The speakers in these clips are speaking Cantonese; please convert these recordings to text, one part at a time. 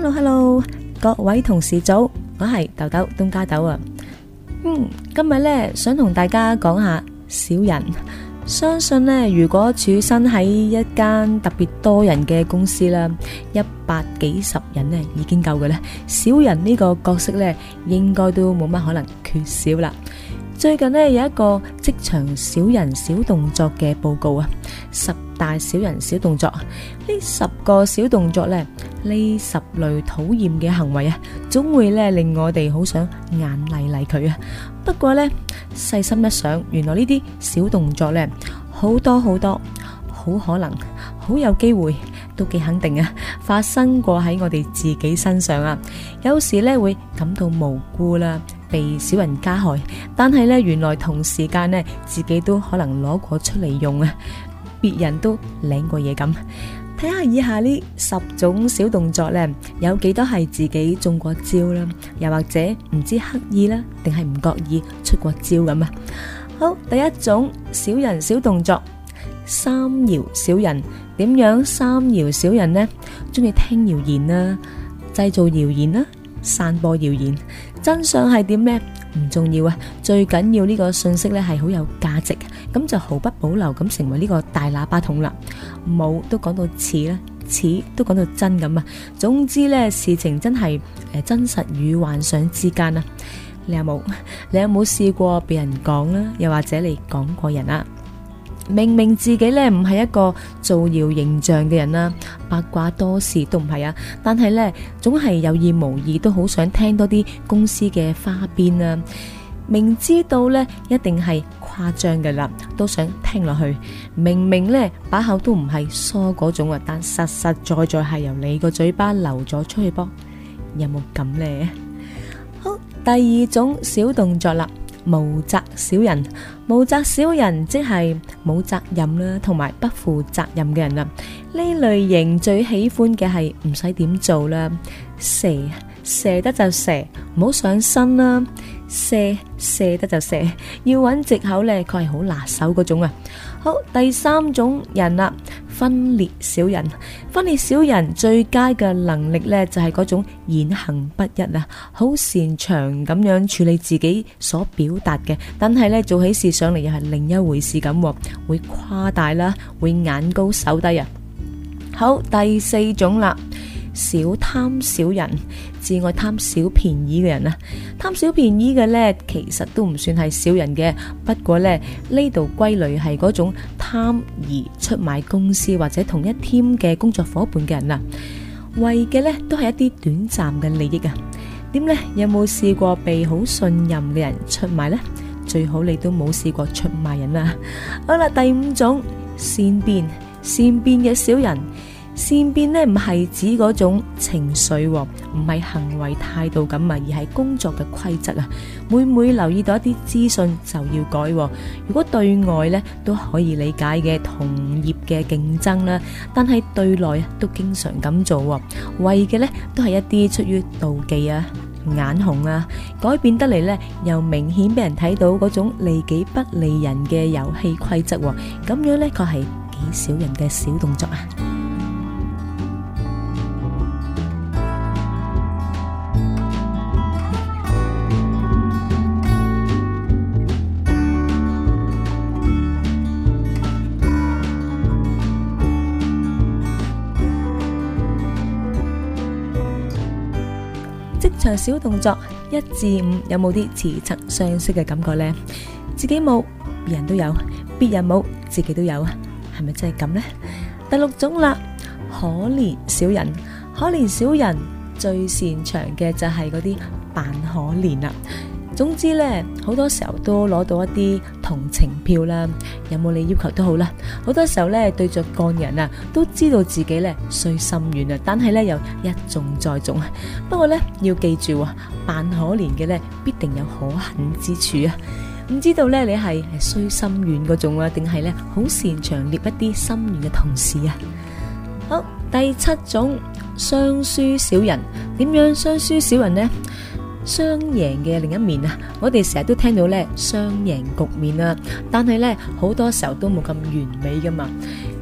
hello hello，各位同事早，我係豆豆東加豆啊。嗯，今日呢想同大家講下小人。相信呢，如果處身喺一間特別多人嘅公司啦，一百幾十人呢已經夠嘅啦。小人呢個角色呢，應該都冇乜可能缺少啦。最近呢有一個職場小人小動作嘅報告啊。十。大小人小動作，呢十個小動作呢，呢十類討厭嘅行為啊，總會呢令我哋好想眼厲厲佢啊。不過呢，細心一想，原來呢啲小動作呢，好多好多，好可能，好有機會，都幾肯定啊，發生過喺我哋自己身上啊。有時呢會感到無辜啦，被小人加害，但係呢，原來同時間呢，自己都可能攞過出嚟用啊。別人都領過嘢，咁，睇下以下呢十種小動作咧，有幾多係自己中過招啦，又或者唔知刻意啦，定係唔覺意出過招咁啊？好，第一種小人小動作，三搖小人點樣？三搖小人咧，中意聽謠言啊，製造謠言啦。散播謠言，真相係點咩？唔重要啊，最緊要呢個信息咧係好有價值，咁就毫不保留咁成為呢個大喇叭筒啦。冇都講到似啦，似都講到真咁啊。總之呢，事情真係誒真實與幻想之間啊。你有冇？你有冇試過被人講啊？又或者你講過人啊？明明自己咧唔係一個造謠形象嘅人啦，八卦多事都唔係啊，但係咧總係有意無意都好想聽多啲公司嘅花邊呀。明知道咧一定係誇張嘅啦，都想聽落去。明明咧把口都唔係疏嗰種，但實實在在係由你個嘴巴流咗出去噃。有冇咁咧？好，第二種小動作啦。無責小人，無責小人即係冇責任啦，同埋不負責任嘅人啊！呢類型最喜歡嘅係唔使點做啦，蛇，蛇得就蛇，唔好上身啦，蛇，蛇得就蛇，要揾藉口呢，佢係好拿手嗰種啊！好，第三種人啦。分裂小人，分裂小人最佳嘅能力呢，就係嗰種言行不一啊，好擅長咁樣處理自己所表達嘅，但係呢，做起事上嚟又係另一回事咁，會誇大啦，會眼高手低啊。好，第四種啦，少貪小人，至愛貪小便宜嘅人啊，貪小便宜嘅呢，其實都唔算係小人嘅，不過呢，呢度歸類係嗰種。貪而出賣公司或者同一 team 嘅工作伙伴嘅人啊，為嘅呢都係一啲短暫嘅利益啊。點呢，有冇試過被好信任嘅人出賣呢？最好你都冇試過出賣人啊。好啦，第五種，善變，善變嘅小人。善變咧，唔係指嗰種情緒，唔係行為態度咁啊，而係工作嘅規則啊。每每留意到一啲資訊就要改，如果對外咧都可以理解嘅，同業嘅競爭啦，但係對內都經常咁做，為嘅咧都係一啲出於妒忌啊、眼紅啊，改變得嚟咧又明顯俾人睇到嗰種利己不利人嘅遊戲規則。咁樣咧，確係幾小人嘅小動作啊！長小動作一至五，有冇啲似曾相識嘅感覺呢？自己冇，別人都有；別人冇，自己都有啊，係咪真係咁呢？第六種啦，可憐小人，可憐小人最擅長嘅就係嗰啲扮可憐啦、啊。總之咧，好多時候都攞到一啲同情票啦。有冇你要求都好啦。好多時候咧，對着個人啊，都知道自己咧衰心軟啊，但係咧又一縱再縱。不過咧，要記住啊，扮可憐嘅咧，必定有可恨之處啊。唔知道咧，你係係衰心軟嗰種啊，定係咧好擅長獵一啲心軟嘅同事啊？好，第七種，雙輸小人，點樣雙輸小人咧？雙贏嘅另一面啊，我哋成日都聽到咧，雙贏局面啊。但係咧，好多時候都冇咁完美噶嘛，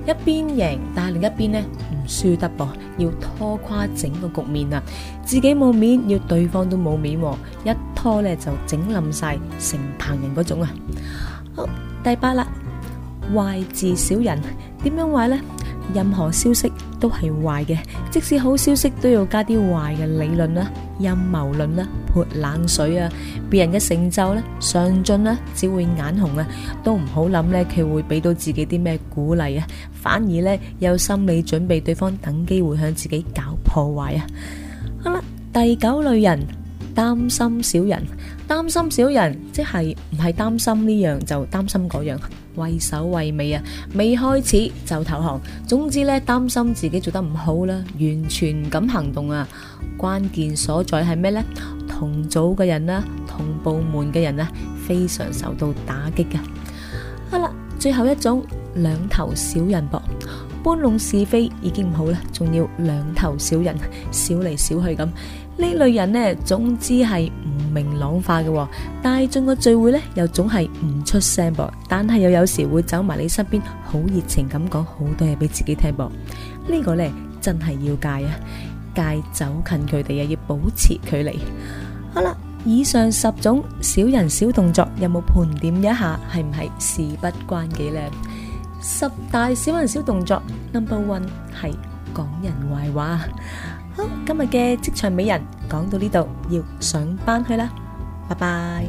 一邊贏，但係另一邊咧唔輸得噃，要拖垮整個局面啊，自己冇面，要對方都冇面，一拖咧就整冧晒，成棚人嗰種啊。好，第八啦，壞字小人點樣壞咧？任何消息都係壞嘅，即使好消息都要加啲壞嘅理論啦、陰謀論啦、潑冷水啊。別人嘅成就咧、上進咧，只會眼紅啊，都唔好諗呢佢會俾到自己啲咩鼓勵啊，反而呢有心理準備，對方等機會向自己搞破壞啊。好啦，第九類人，擔心小人。擔心小人，即係唔係擔心呢樣就擔心嗰樣，畏首畏尾啊，未開始就投降。總之咧，擔心自己做得唔好啦，完全唔敢行動啊。關鍵所在係咩呢？同組嘅人啦，同部門嘅人啊，非常受到打擊噶。好啦，最後一種兩頭小人噃，搬弄是非已經唔好啦，仲要兩頭小人，小嚟小去咁。呢類人呢，總之係唔明朗化嘅，大眾嘅聚會呢又總係唔出聲噃，但係又有時會走埋你身邊，好熱情咁講好多嘢俾自己聽噃。呢個呢真係要戒啊，戒走近佢哋又，要保持距離。好啦，以上十種小人小動作，有冇盤點一下？係唔係事不關己呢？十大小人小動作，number one 係講人壞話。好，今日嘅職場美人講到呢度，要上班去啦，拜拜。